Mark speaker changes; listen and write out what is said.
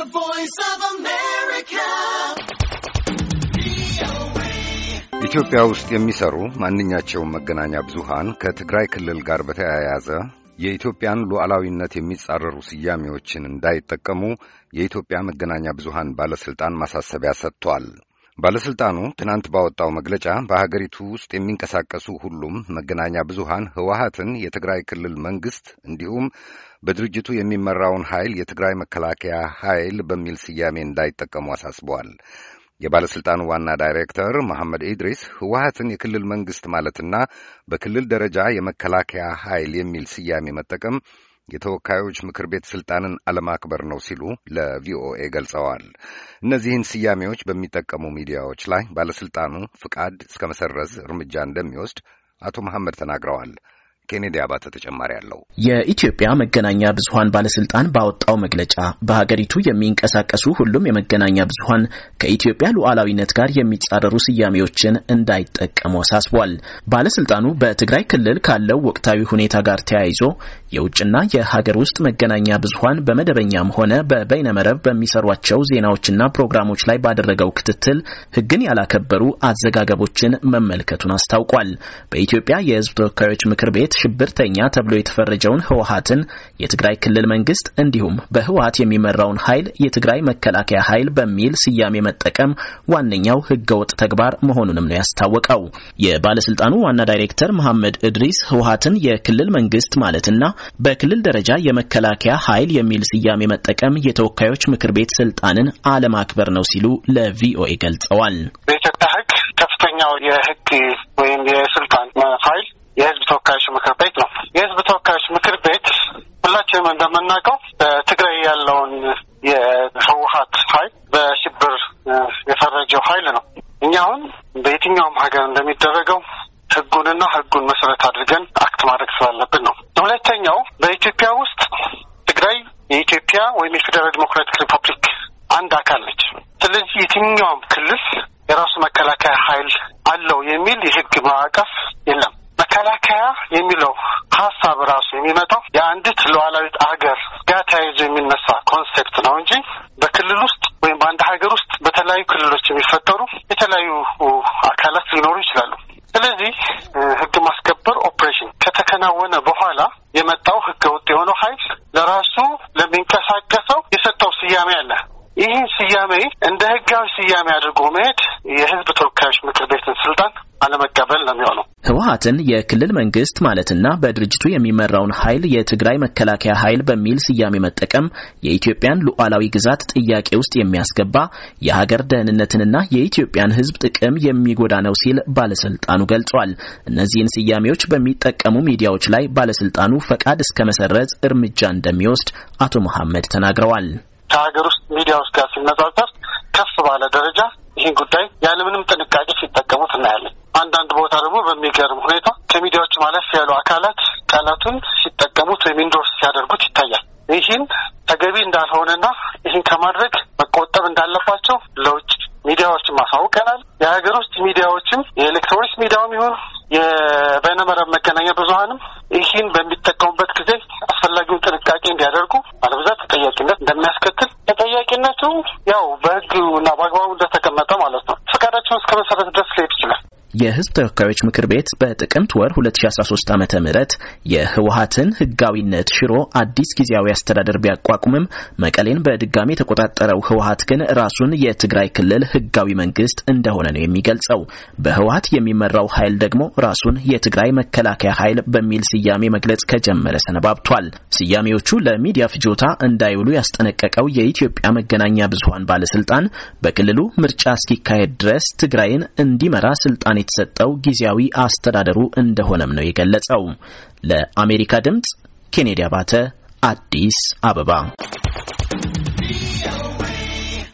Speaker 1: The Voice of America.
Speaker 2: ኢትዮጵያ ውስጥ የሚሰሩ ማንኛቸውም መገናኛ ብዙሃን ከትግራይ ክልል ጋር በተያያዘ የኢትዮጵያን ሉዓላዊነት የሚጻረሩ ስያሜዎችን እንዳይጠቀሙ የኢትዮጵያ መገናኛ ብዙሃን ባለሥልጣን ማሳሰቢያ ሰጥቷል። ባለሥልጣኑ ትናንት ባወጣው መግለጫ በሀገሪቱ ውስጥ የሚንቀሳቀሱ ሁሉም መገናኛ ብዙሃን ህወሀትን የትግራይ ክልል መንግሥት እንዲሁም በድርጅቱ የሚመራውን ኃይል የትግራይ መከላከያ ኃይል በሚል ስያሜ እንዳይጠቀሙ አሳስበዋል። የባለሥልጣኑ ዋና ዳይሬክተር መሐመድ ኢድሪስ ህወሀትን የክልል መንግሥት ማለትና በክልል ደረጃ የመከላከያ ኃይል የሚል ስያሜ መጠቀም የተወካዮች ምክር ቤት ስልጣንን አለማክበር ነው ሲሉ ለቪኦኤ ገልጸዋል። እነዚህን ስያሜዎች በሚጠቀሙ ሚዲያዎች ላይ ባለስልጣኑ ፍቃድ እስከ መሰረዝ እርምጃ እንደሚወስድ አቶ መሐመድ ተናግረዋል። ኬኔዲ አባተ ተጨማሪ አለው።
Speaker 3: የኢትዮጵያ መገናኛ ብዙሀን ባለስልጣን ባወጣው መግለጫ በሀገሪቱ የሚንቀሳቀሱ ሁሉም የመገናኛ ብዙሀን ከኢትዮጵያ ሉዓላዊነት ጋር የሚጻረሩ ስያሜዎችን እንዳይጠቀሙ አሳስቧል። ባለስልጣኑ በትግራይ ክልል ካለው ወቅታዊ ሁኔታ ጋር ተያይዞ የውጭና የሀገር ውስጥ መገናኛ ብዙሀን በመደበኛም ሆነ በበይነመረብ በሚሰሯቸው ዜናዎችና ፕሮግራሞች ላይ ባደረገው ክትትል ሕግን ያላከበሩ አዘጋገቦችን መመልከቱን አስታውቋል። በኢትዮጵያ የሕዝብ ተወካዮች ምክር ቤት ሽብርተኛ ተብሎ የተፈረጀውን ህወሀትን የትግራይ ክልል መንግስት እንዲሁም በህወሀት የሚመራውን ኃይል የትግራይ መከላከያ ኃይል በሚል ስያሜ መጠቀም ዋነኛው ህገወጥ ተግባር መሆኑንም ነው ያስታወቀው። የባለስልጣኑ ዋና ዳይሬክተር መሐመድ እድሪስ ህወሀትን የክልል መንግስት ማለትና በክልል ደረጃ የመከላከያ ኃይል የሚል ስያሜ መጠቀም የተወካዮች ምክር ቤት ስልጣንን አለማክበር ነው ሲሉ ለቪኦኤ ገልጸዋል። በኢትዮጵያ ህግ
Speaker 1: ከፍተኛው የህግ ወይም እንደምናውቀው ትግራይ ያለውን የህወሀት ኃይል በሽብር የፈረጀው ሀይል ነው። እኛ አሁን በየትኛውም ሀገር እንደሚደረገው ህጉንና ህጉን መሰረት አድርገን አክት ማድረግ ስላለብን ነው። ሁለተኛው በኢትዮጵያ ውስጥ ትግራይ የኢትዮጵያ ወይም የፌዴራል ዲሞክራቲክ ሪፐብሊክ አንድ አካል ነች። ስለዚህ የትኛውም ክልል የራሱ መከላከያ ሀይል አለው የሚል የህግ ማዕቀፍ የለም። መከላከያ የሚለው ሀሳብ ራሱ የሚመጣው የአንዲት ሉዓላዊት ሀገር ጋር ተያይዞ የሚነሳ ኮንሴፕት ነው እንጂ በክልል ውስጥ ወይም በአንድ ሀገር ውስጥ በተለያዩ ክልሎች የሚፈጠሩ የተለያዩ አካላት ሊኖሩ ይችላሉ። ስለዚህ ህግ ማስከበር ኦፕሬሽን ከተከናወነ በኋላ የመጣው ህገ ወጥ የሆነው ኃይል ለራሱ ለሚንቀሳቀሰው የሰጠው ስያሜ አለ። ይህን ስያሜ እንደ ህጋዊ ስያሜ አድርጎ መሄድ የህዝብ ተወካዮች ምክር ቤትን ስልጣን አለመቀበል
Speaker 3: ነው የሚሆነው። ህወሀትን የክልል መንግስት ማለትና በድርጅቱ የሚመራውን ኃይል የትግራይ መከላከያ ኃይል በሚል ስያሜ መጠቀም የኢትዮጵያን ሉዓላዊ ግዛት ጥያቄ ውስጥ የሚያስገባ የሀገር ደህንነትንና የኢትዮጵያን ህዝብ ጥቅም የሚጎዳ ነው ሲል ባለስልጣኑ ገልጿል። እነዚህን ስያሜዎች በሚጠቀሙ ሚዲያዎች ላይ ባለስልጣኑ ፈቃድ እስከ መሰረዝ እርምጃ እንደሚወስድ አቶ መሐመድ ተናግረዋል።
Speaker 1: ከሀገር ውስጥ ሚዲያዎች ጋር ሲነጻጸር ከፍ ባለ ደረጃ ይህን ጉዳይ ያለምንም ጥንቃቄ ሲጠቀሙት እናያለን። በሚገርም ሁኔታ ከሚዲያዎች ማለፍ ያሉ አካላት ቃላቱን ሲጠቀሙት ወይም ኢንዶርስ ሲያደርጉት ይታያል። ይህን ተገቢ እንዳልሆነና ይህን ከማድረግ መቆጠብ እንዳለባቸው ለውጭ ሚዲያዎችን ማሳውቀናል። የሀገር ውስጥ ሚዲያዎችም የኤሌክትሮኒክስ ሚዲያውም ይሁን የበይነመረብ መገናኛ ብዙሀንም ይህን በሚጠቀሙበት ጊዜ አስፈላጊውን ጥንቃቄ እንዲያደርጉ አለበለዚያ ተጠያቂነት እንደሚያስከትል ተጠያቂነቱ ያው በሕግ እና በአግባቡ እንደተቀመጠ ማለት ነው ፈቃዳቸውን
Speaker 3: እስከ መሰረት ድረስ ሊሄድ ይችላል። የህዝብ ተወካዮች ምክር ቤት በጥቅምት ወር 2013 ዓመተ ምህረት የህወሀትን ህጋዊነት ሽሮ አዲስ ጊዜያዊ አስተዳደር ቢያቋቁምም መቀሌን በድጋሚ የተቆጣጠረው ህወሀት ግን ራሱን የትግራይ ክልል ህጋዊ መንግስት እንደሆነ ነው የሚገልጸው። በህወሀት የሚመራው ኃይል ደግሞ ራሱን የትግራይ መከላከያ ኃይል በሚል ስያሜ መግለጽ ከጀመረ ሰነባብቷል። ስያሜዎቹ ለሚዲያ ፍጆታ እንዳይውሉ ያስጠነቀቀው የኢትዮጵያ መገናኛ ብዙሀን ባለስልጣን በክልሉ ምርጫ እስኪካሄድ ድረስ ትግራይን እንዲመራ ስልጣን ስልጣን የተሰጠው ጊዜያዊ አስተዳደሩ እንደሆነም ነው የገለጸው። ለአሜሪካ ድምጽ ኬኔዲ አባተ አዲስ አበባ